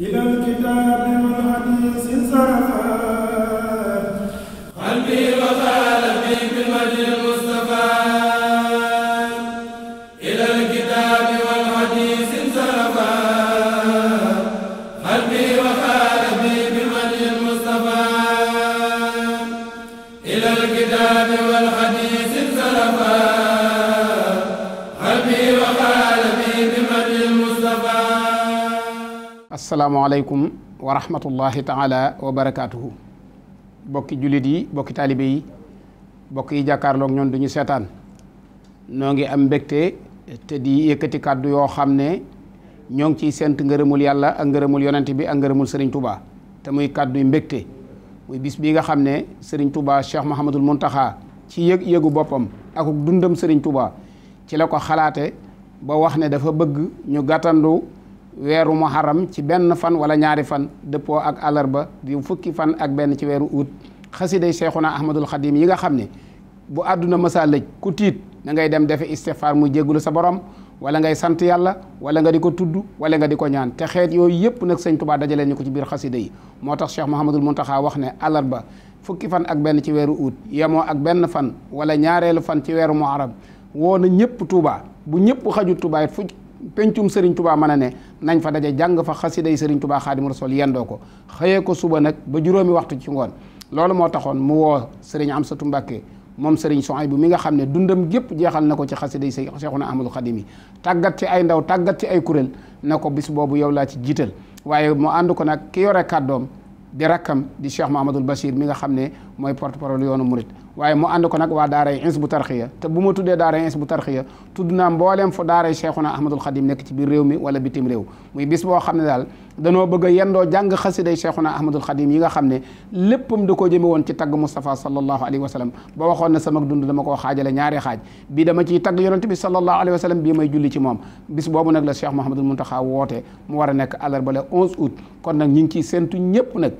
إلى الكتاب والحديث انصرفا قلبي وقال بي بالوجه المصطفى إلى الكتاب والحديث انصرفا قلبي وقال بي بالوجه المصطفى إلى الكتاب والحديث انصرفا قلبي وقال asalaamualeykum wa rahmatullahi taala wa barakaatuhu bokki jullit yi bokki taalibe yi bokk yi jàkkaarlook ñoom duñu seetaan noo ngi am mbégte te di yëkkati kàddu yoo xam ne ñoo ngi ciy sent ngërëmul yàlla ak ngërëmul yonent bi ak ngërëmul Serigne Touba te muy kàddu yu mbégte muy bis bi nga xam ne Serigne Touba Cheikh Mouhamadul Mountakha ci yëg yëgu boppam ak dundam sëriñ Touba ci la ko xalaate ba wax ne dafa bëgg ñu gàttandu weeru muharram ci benn fan wala ñaari fan dëppoo ak àllarba di fukki fan ak benn ci weeru ut xasiday Seexuna Ahmadul Xadim yi nga xam ne bu àdduna mësaa lëj ku da ngay dem defe istighfar mu jéggulu sa borom wala ngay sant yàlla wala nga di ko tudd wala nga di ko ñaan te yooyu yëpp nag sëñ Tuubaa dajalee ñu ko ci biir xasida yi moo tax Cheikh Mouhamadul Muntaxa wax ne àllarba fukki fan ak benn ci weeru ut yemoo ak benn fan wala ñaareelu fan ci weeru muharram woo na ñëpp Tuubaa bu ñëpp xaju Tuubaa fu pencum Serigne tubaa mën a ne nañ fa daje jàng fa xasiday Serigne Touba Xaadimu Rasuul yendoo ko xëyee ko suba nag ba juróomi waxtu ci ngoon loolu moo taxoon mu wow woo Serigne Amsatu Mbàkke moom Serigne Souhaïbou mi nga xam ne dundam gépp jeexal na ko ci xasiday Seexuna Ahmadul Xadim yi tàggat ci ay ndaw tàggat ci ay kuréel na ko bis boobu yow laa ci jiital waaye mu ànd ko nag ki yore kàddoom di rakkam di Cheikh Mahamadul Bachir mi nga xam ne mooy porte parole yoonu murit waaye mu ànd ko nag waa daaray Hizbut Tarqiyyah te bu ma tuddee daaray Hizbut Tarqiyyah tudd naa mbooleem fu daaray Cheikhuna Ahmadul Xadim nga xam ne léppam da koo jëme woon ci tagg Moustapha sallallahu alayhi wa xaaj bi dama ciy tagg yonent bi sallallahu alayhi wa sallam bii may julli ci moom bis boobu nag woote mu war a nekk àllarba le 11 août kon nag ñu ngi ciy séntu ñëpp nag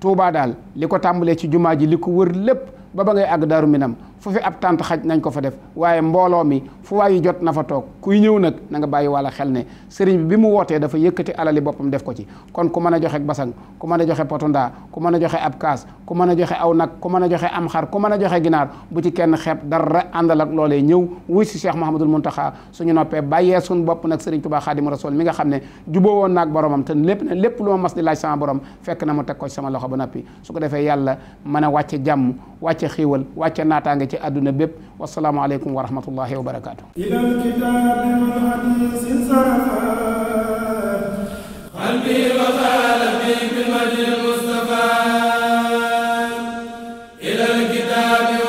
Touba daal li ko tàmbalee ci jumaa ji li ko wër lépp ba ba ngay àgg Daaru Minam fu fi ab tànt xaj nañ ko fa def waaye mbooloo mi fu waayu jot na fa toog kuy ñëw nag na nga bàyyi walla xel ne sëriñ bi bi mu wootee dafa yëkkati alali boppam def ko ci kon ku mën a joxe basang ku mën a joxe potondaa ku mën a joxe ab kaas ku mën a joxe aw nag ku mën a joxe am xar ku mën a joxe ginaar bu ci kenn xeeb dara àndal ak loolee ñëw wuy si Cheikh Mouhamadul Mountakha suñu noppee bàyyee suñ bopp nag sëriñ Tuubaa Xaadimu Rasuul mi nga xam ne juboo woon naag boromam te lépp lépp lu ma mas di borom fekk na mu teg ko ci ba noppi su ko defee mën a wàcce jàmm wàcce xiiwal wàcce naataange tasaare ci àdduna bépp wasalaamualeykum wa rahmatullahi wa barakaatu. ilal kitaabi wal hadiisi sarafaa qalbi wa qalbi bil wajhi al Mustafaa ilal kitaabi